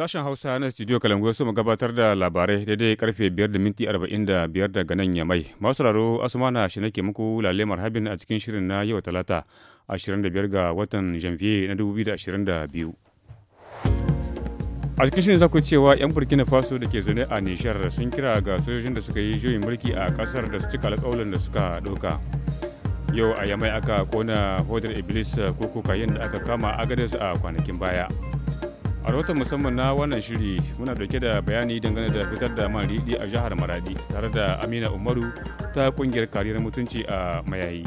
Sashen Hausa na Studio Kalangu su mu gabatar da labarai daidai karfe 5 da minti 45 daga nan ya mai. raro Asmana shi nake muku lalle marhabin a cikin shirin na yau talata 25 ga watan Janvier na 2022. A cikin shirin za ku cewa 'yan Burkina Faso da ke zaune a nijar sun kira ga sojojin da suka yi juyin mulki a kasar da su cika alƙawalin da suka ɗauka. Yau a yamai aka kona hodar Iblis ko kokayen da aka kama agadis a kwanakin baya. a rahoton musamman na wannan shiri muna dauke da bayani dangane da fitar da man riɗi a jihar maradi tare da amina umaru ta kungiyar kariyar mutunci a mayayi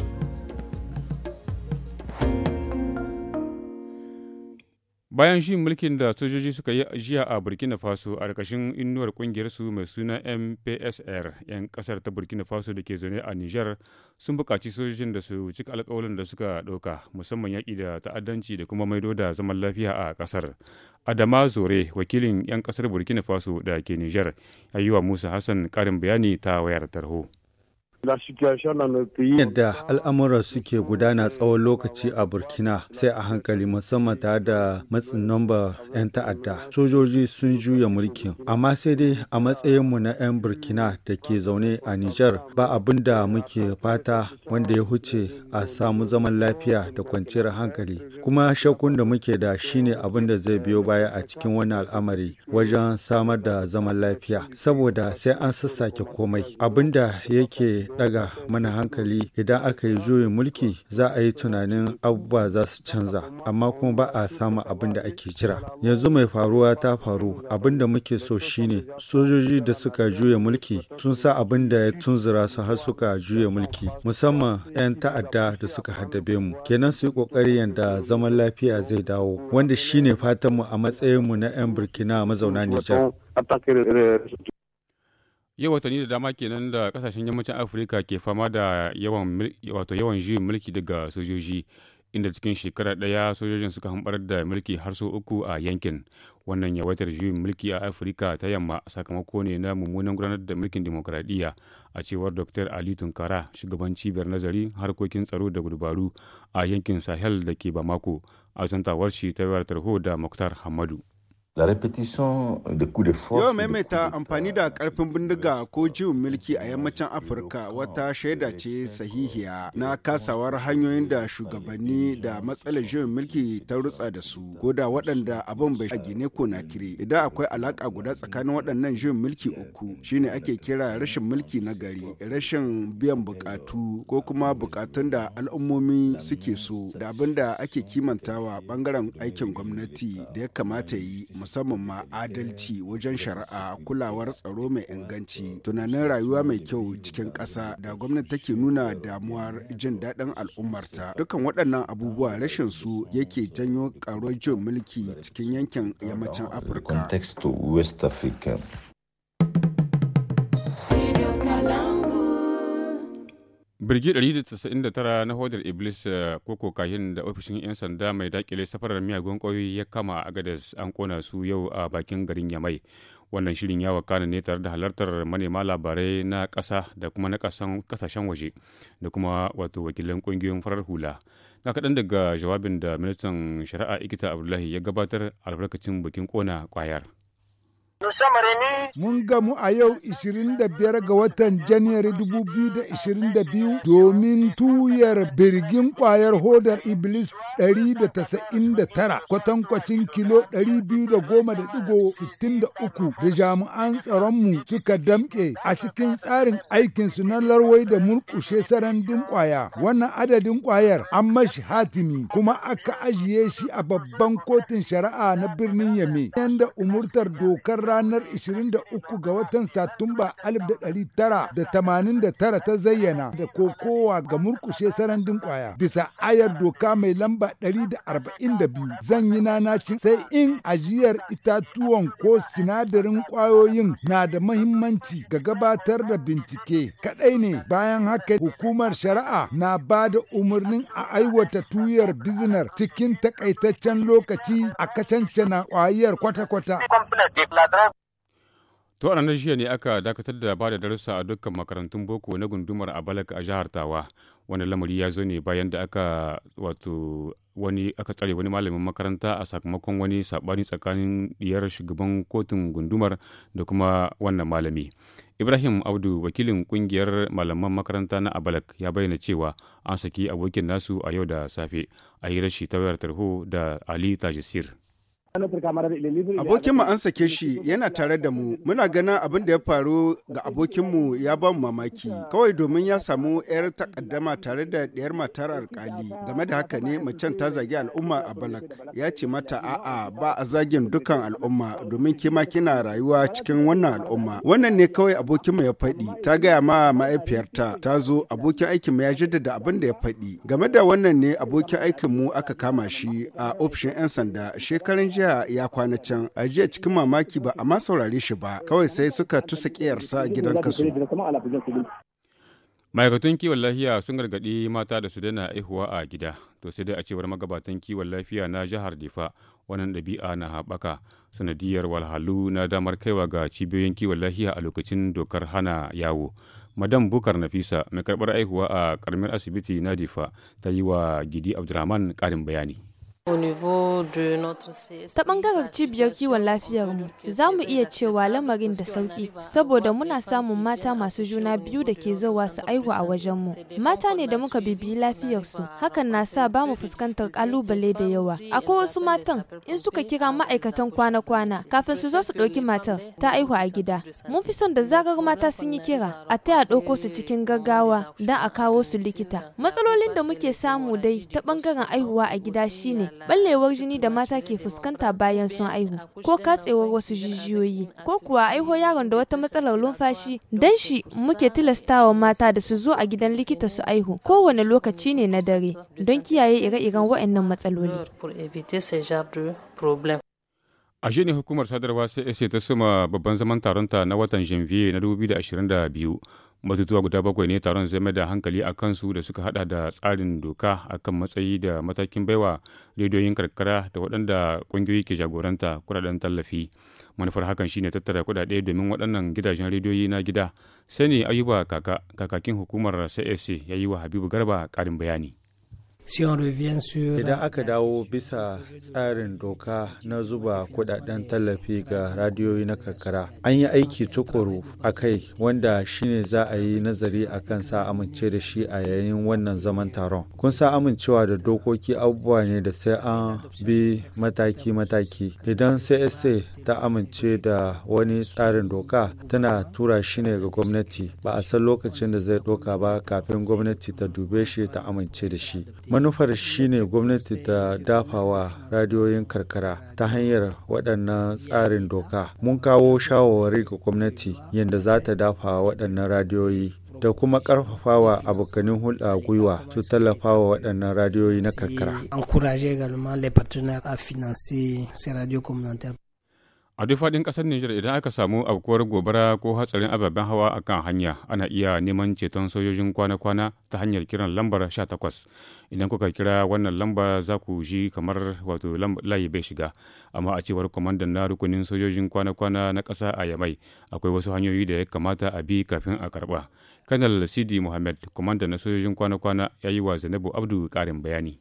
Bayan shi mulkin da sojoji suka yi jiya a Burkina Faso a ƙarƙashin inuwar su mai suna MPSR, 'yan ƙasar ta Burkina Faso da ke zaune a niger sun buƙaci sojojin da su cika alƙawalin da suka ɗauka musamman yaƙi da ta'addanci da kuma maido da zaman lafiya a ƙasar. Adama Zore, wakilin 'yan ƙasar Burkina Faso da ke niger ya yi wa Musa Hassan ƙarin bayani ta wayar tarho. Yadda al'amura suke gudana tsawon lokaci a Burkina sai a hankali musamman tare da matsin namba 'yan ta'adda. Sojoji sun juya mulkin, amma sai dai a matsayinmu na 'yan Burkina da ke zaune a Nijar ba abin da muke fata wanda ya huce a samu zaman lafiya da kwanciyar hankali. Kuma shakun da muke da shine abin da zai biyo baya a cikin wani al'amari wajen samar da zaman lafiya. Saboda sai an sassake komai. Abin da yake daga mana hankali idan aka yi juyin mulki za a yi tunanin abubuwa za su canza amma kuma ba a samu abin da ake jira yanzu mai faruwa ta faru abin da muke so shine sojoji da suka juya mulki sun sa abin da ya tunzura su har suka juya mulki musamman 'yan ta'adda da suka haddabe mu kenan su yi kokari yadda zaman lafiya zai dawo wanda shine fatanmu a matsayinmu na 'yan burkina mazauna nijar Yau watanni da dama kenan da kasashen yammacin Afirka ke fama da yawan wato yawan juyin mulki daga sojoji inda cikin shekara ɗaya sojojin suka hambar da mulki har sau uku a yankin. Wannan yawaitar juyin mulki a Afirka ta yamma sakamako ne na mummunan gudanar da mulkin demokuraɗiyya a cewar Dr. Ali Tunkara shugaban cibiyar nazari harkokin tsaro da gudubaru a yankin Sahel da ke Bamako a zantawar shi ta tarho da Muktar Hamadu. Yau maimaita amfani da karfin bindiga ko jiwon mulki a yammacin Afirka wata shaida ce sahihiya na kasawar hanyoyin da shugabanni da matsalar jiwon mulki ta rutsa da su ko da waɗanda abin bai a gine ko na kire idan akwai alaka guda tsakanin waɗannan jiwon mulki uku shine ake kira rashin mulki na gari rashin biyan bukatu ko kuma bukatun da al'ummomi suke so da abin da ake kimantawa bangaren aikin gwamnati da ya kamata yi musamman ma adalci wajen shari'a kulawar tsaro mai inganci tunanin rayuwa mai kyau cikin ƙasa da gwamnati take nuna damuwar jin daɗin al'ummarta dukkan waɗannan abubuwa rashin su yake janyo ƙaruwar jin mulki cikin yankin yammacin afirka birgi 199 na hodar iblis eh, ko kokahin da ofishin 'yan sanda mai dakile safarar miyagun ƙwayoyi ya kama a gadas an kona su yau a bakin garin yamai wannan shirin ya wakana ne tare da halartar manema labarai na ƙasa da kuma na ƙasashen waje da kuma wato wakilan ƙungiyoyin farar hula na kaɗan daga jawabin da ministan shari'a ikita abdullahi ya gabatar albarkacin bikin kona ƙwayar. Mun gamu a yau 25 ga watan Janairu 2022 domin tuyar birgin kwayar hodar Iblis 199 kwatankwacin kilo 210.63 da jami'an tsaronmu suka damƙe a cikin tsarin aikinsu na larwai da murƙushe sarandin kwaya. Wannan adadin kwayar an mashi hatimi kuma aka ajiye shi a babban kotun shari'a na birnin Yame. Yanda umurtar dokar ranar 23 ga watan Satumba 1989 ta zayyana da kokowa ga murkushe sarandin kwaya bisa ayar doka mai lamba 142 zan yi nanacin sai in ajiyar itatuwan ko sinadarin kwayoyin na da mahimmanci ga gabatar da bincike kadai ne bayan haka hukumar shari'a na ba da umarnin a aiwata tuyar bizinar cikin takaitaccen lokaci a kacancana kwayar kwata-kwata. To a ranar jiya ne aka dakatar da ba da darussa a dukkan makarantun boko na gundumar Abalak a jihar Tawa. Wani lamari ya zo ne bayan da aka wato wani aka tsare wani malamin makaranta a sakamakon wani sabani tsakanin diyar shugaban kotun gundumar da kuma wannan malami. Ibrahim Abdu wakilin kungiyar malaman makaranta na Abalak ya bayyana cewa an saki abokin nasu a yau da safe a yi rashi ta wayar tarho da Ali Tajisir. Abokinmu an sake shi yana tare da mu, muna gana abin da ya faru ga abokinmu ya ba mu mamaki, kawai domin ya samu 'yar takaddama tare da ɗayar matar alkali. Game da haka ne macen ta zagi al'umma a Balak, ya ce mata a'a ba a zagin dukan al'umma domin kima kina rayuwa cikin wannan al'umma. Wannan ne kawai abokinmu ya faɗi, ta gaya ma ma'aifiyarta ta zo abokin aikinmu ya jaddada abin da ya faɗi. Game da wannan ne abokin aikinmu aka kama shi a ofishin 'yan sanda shekarun jiya jiya ya kwana can a jiya cikin mamaki ba a ma saurare shi ba kawai sai suka tusa kiyarsa a gidan kasu ma'aikatan kiwon lafiya sun gargaɗi mata da su daina aihuwa a gida to sai dai a cewar magabatan kiwon lafiya na jihar difa wannan ɗabi'a na haɓaka sanadiyar walhalu na damar kaiwa ga cibiyoyin kiwon lafiya a lokacin dokar hana yawo madam bukar nafisa mai karɓar aihuwa a ƙaramin asibiti na difa ta yi wa gidi abdulrahman ƙarin bayani Ta ɓangaren cibiyar kiwon lafiyar mu, za mu iya cewa lamarin da sauƙi, saboda muna samun mata masu juna biyu da ke zowa su aihu a wajen mu Mata ne da muka bibiyi lafiyarsu, hakan na sa ba mu fuskantar ƙalubale da yawa. Akwai wasu matan, in suka kira ma'aikatan kwana-kwana, kafin su zo su ɗauki matar, ta aihu a gida. Mun fi son da zarar mata sun yi kira, a taya ɗauko su cikin gaggawa don a kawo su likita. Matsalolin da muke samu dai ta ɓangaren aihuwa a gida shine ballewar jini da mata ke fuskanta bayan sun aihu ko katsewar wasu jijiyoyi ko kuwa aiho yaron da wata matsalar lumfashi dan shi muke tilastawa mata da su zo a gidan likita su aihu kowane lokaci ne na dare don kiyaye ire-iren waɗannan matsaloli. A shi ne hukumar sadarwa sai ta suma babban zaman taronta na watan janvier na 2022 batutuwa guda bakwai ne taron zai mai da hankali a kansu da suka hada da tsarin doka a kan matsayi da matakin baiwa rediyoyin karkara da waɗanda ƙungiyoyi ke jagoranta kudaden tallafi manufar hakan shine tattara kudade domin waɗannan gidajen rediyoyi na gida sai ne ayuba kakakin hukumar csc ya yi wa habibu garba ƙarin bayani Idan aka dawo bisa tsarin doka na zuba kudaden tallafi ga radiyoyi na karkara, an yi aiki tukuru a kai wanda shine za a yi nazari a kan sa amince da shi a yayin wannan zaman taron. Kun sa amincewa da dokoki abubuwa ne da sai an bi mataki-mataki. Idan CSA ta amince da wani tsarin doka tana tura shi ne ga gwamnati, ba a san lokacin da zai doka ba kafin gwamnati ta dube shi ta amince da shi. manufar shine gwamnati ta dafawa radiyoyin karkara ta hanyar waɗannan tsarin doka mun kawo shawarwari ga gwamnati yadda za ta dafa waɗannan radiyoyi da kuma ƙarfafawa abokanin hulɗa gwiwa su tallafawa waɗannan radiyoyi na karkara. A duk faɗin ƙasar Nijar idan aka samu aukuwar gobara ko hatsarin ababen hawa a kan hanya ana iya neman ceton sojojin kwana-kwana ta hanyar kiran lambar sha takwas Idan kuka kira wannan lamba za ku ji kamar wato layi bai shiga. Amma a cewar kwamandan na rukunin sojojin kwana-kwana na ƙasa a Yamai akwai wasu hanyoyi da ya kamata a bi kafin a karɓa. Kanal Sidi Muhammad kwamandan na sojojin kwana-kwana ya yi wa Zainabu Abdu ƙarin bayani.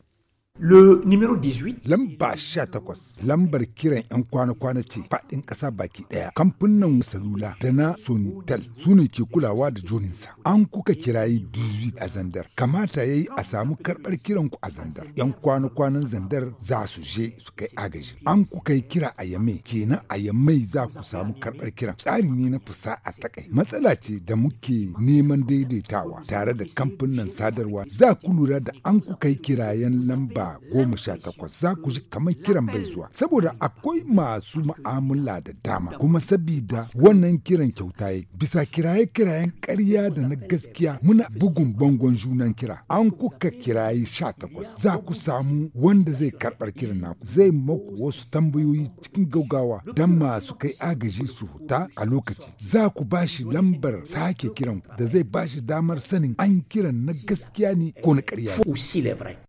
Le numéro 18. Lamba Shatakos. lambar kiran 'yan kwana-kwana ce faɗin ƙasa baki ɗaya. Kamfanin salula da na Sonitel su ne ke kulawa da juninsa An kuka kirayi 18 a zandar. Kamata ya yi a samu karɓar kiran ku a zandar. 'Yan kwana-kwanan zandar za su je su kai agaji. An kuka kira a yamai. kenan a yamai za ku samu karɓar kiran. Tsari ne na fusa a takai. Matsala ce da muke neman daidaitawa tare da kamfanin sadarwa. Za ku lura da an kuka kirayen lamba lamba goma sha takwas za ku ji kamar kiran bai zuwa saboda akwai masu ma'amala da dama kuma sabida wannan kiran kyauta ya bisa kiraye-kirayen ƙarya da na gaskiya muna bugun bangon junan kira an kuka kiraye sha takwas za ku samu wanda zai karɓar kiran naku zai maku wasu tambayoyi cikin gaugawa don masu kai agaji su huta a lokaci za ku bashi lambar sake kiran da zai bashi damar sanin an kiran na gaskiya ne ko na ƙarya.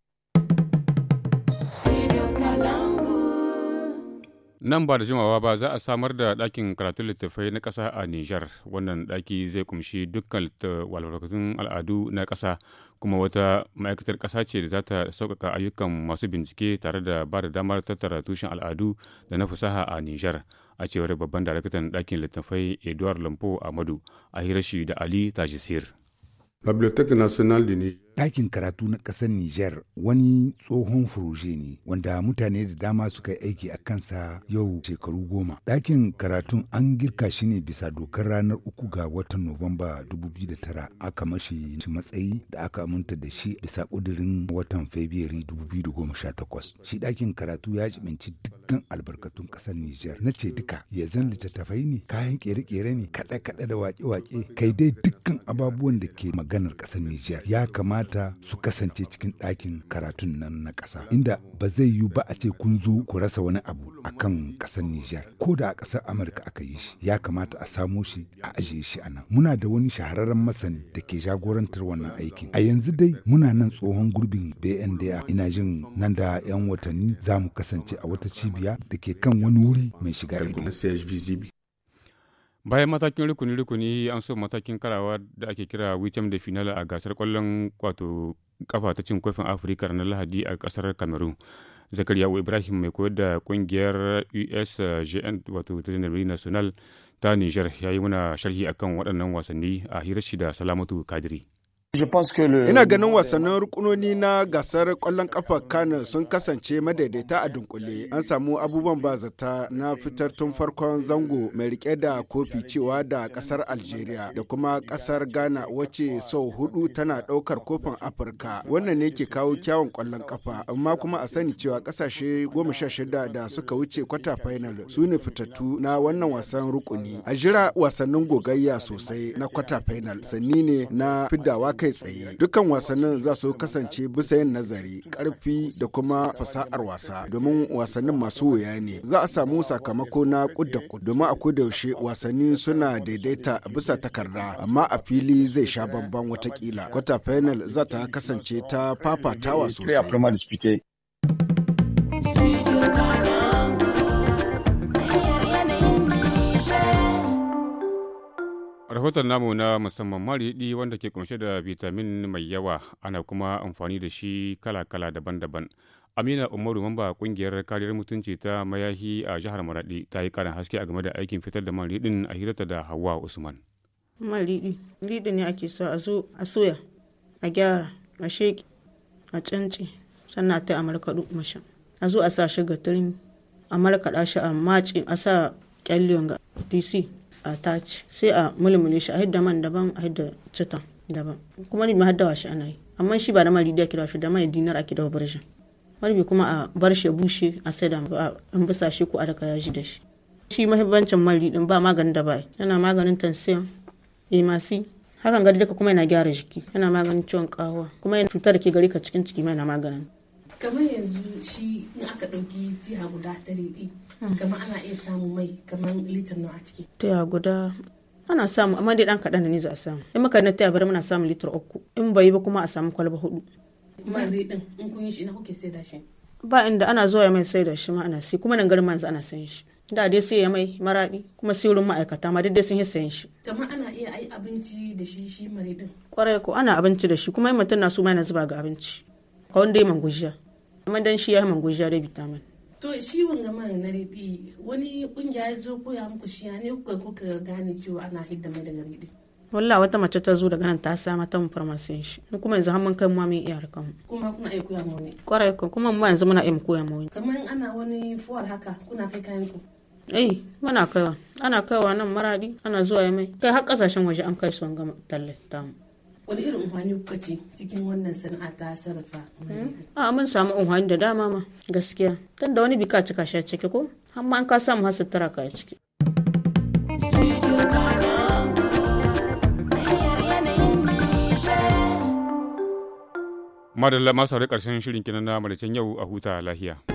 Nan ba da jimawa ba za a samar da ɗakin karatun littattafai na ƙasa a Nijar. Wannan ɗaki zai kumshi dukkan walwalkatun al'adu na ƙasa kuma wata ma'aikatar ƙasa ce da za ta sauƙaƙa ayyukan masu bincike tare da ba da damar tattara tushen al'adu da na fasaha a Nijar. A cewar babban daraktan ɗakin littattafai Edouard Lampo Amadu a hirashi da Ali Tajisir. Bibliothèque nationale du Niger. Ɗakin karatu na ƙasar Nijar wani tsohon furoje ne wanda mutane da dama suka yi aiki a kansa yau shekaru goma. Ɗakin karatun an girka shi ne bisa dokar ranar uku ga watan Nuwamba 2009 aka mashi matsayi da aka aminta da shi bisa ƙudurin watan Fabrairu 2018. Shi ɗakin karatu ya jibinci duk kan albarkatun ƙasar Nijar. Na ce duka ya zan littattafai ne, kayan ƙere kere ne, kaɗe-kaɗe da waƙe-waƙe, kai dai dukkan ababuwan da ke maganar ƙasar Nijar ya kamata su kasance cikin ɗakin karatun nan na ƙasa. Inda ba zai yiwu ba a ce kun zo ku rasa wani abu a kan ƙasar Nijar. Ko da a ƙasar Amurka aka yi shi, ya kamata a samo shi a ajiye shi a nan. Muna da wani shahararren masani da ke jagorantar wannan aikin. A yanzu dai muna nan tsohon gurbin BNDA ina jin nan da 'yan watanni za mu kasance a wata cibiyar wuya da ke kan wani wuri mai shiga bayan matakin rukuni-rukuni an so matakin karawa da ake kira wicem da final a gasar kwallon kwato kafa ta cin kofin afirka na lahadi a kasar cameroon zakariyawo ibrahim mai koyar da kungiyar usgn wato ta janarbi national ta niger ya yi muna sharhi akan waɗannan wasanni a hirar shi da salamatu kadiri Ina ganin wasannin rukunoni na gasar kwallon kafa Kano sun kasance madaidaita a dunkule. An samu abubuwan bazata na fitar tun farkon zango mai rike da kofi cewa da kasar Algeria da kuma kasar Ghana wacce sau hudu tana daukar kofin Afirka. Wannan ne ke kawo kyawun kwallon kafa amma kuma a sani cewa kasashe goma sha shida da suka wuce kwata final su ne fitattu na wannan wasan rukuni. A jira wasannin gogayya sosai na kwata final sanni ne na fidawa kai tsaye dukkan wasannin za su kasance bisa yin nazari karfi da kuma fasa'ar wasa domin wasannin masu wuya ne za a samu sakamako na kudda domin a yaushe, wasanni suna daidaita bisa takarda amma a fili zai sha bamban watakila kwata final za ta kasance ta fafatawa sosai rahoton namu na musamman mariɗi wanda ke kunshe da vitamin mai yawa ana kuma amfani da shi kala-kala daban-daban amina umaru mamba kungiyar kariyar mutunci ta mayahi a jihar maradi ta yi karin haske a game da aikin fitar da mariɗin a hirarta da hawa usman mariɗi ridi ne ake so a soya a gyara a sheki a canci sannan ta amarkaɗu mashin a zo a sa shi ga turmi a markaɗa shi a macin a sa ƙyalliyon ga dc a taci sai a mulmule shi a hidda man daban a hidda cita daban kuma ni ma haddawa shi ana yi amma shi ba da mari da kira shi da mai dinar ake dawo barshin marbi kuma a bar shi bushe a saida a bisa shi ko a daka yaji da shi shi mahimmancin mari din ba maganin da ba yana maganin tansiyon emasi hakan gari da kuma yana gyara jiki yana maganin ciwon kawo kuma yana cutar da ke gari ka cikin ciki mai na maganin kamar yanzu shi in aka ɗauki jiha guda ta riɗi kamar ana iya samun mai kamar litir nawa a ciki taya guda ana samu amma dai dan kaɗan ne za a samu in muka na taya bari muna samun litir uku in bai ba kuma a samu kwalba hudu man din in kun yi shi ina kuke sai da shi ba inda ana zuwa mai sai da shi ma ana sai kuma nan garin manzu ana sayan shi da dai sai ya mai maradi kuma sai wurin ma'aikata ma dai sun yi sayan shi kamar ana iya ai abinci da shi shi mare din kwarai ko ana abinci da shi kuma mutum na su ma yana zuba ga abinci a wanda ya mangujiya amma dan shi ya mangujiya da vitamin to shi wanga man na riɗi wani kungiya ya zo koya muku shi ya ne kuka kuka gane cewa ana hidda mai daga riɗi wallah wata mace ta zo daga nan ta sa mata mu farmasin shi mu kuma yanzu har kai mu min iya harkan kuma kuna iya koya mu ne kwarai ko kuma mu yanzu muna iya mu ma wani. kamar ana wani fuwar haka kuna kai kayan ku eh muna kaiwa ana kaiwa nan maradi ana zuwa mai kai har kasashen waje an kai su an gama talle tamu wani irin unhwani kuka cikin wannan sana'a ta sarrafa a mun samu unhwani da dama ma gaskiya tun da wani bika cika shi a ciki ko amma an ka samu hasu tara ka ciki madalla masu karshen shirin kinan na yau a huta lahiya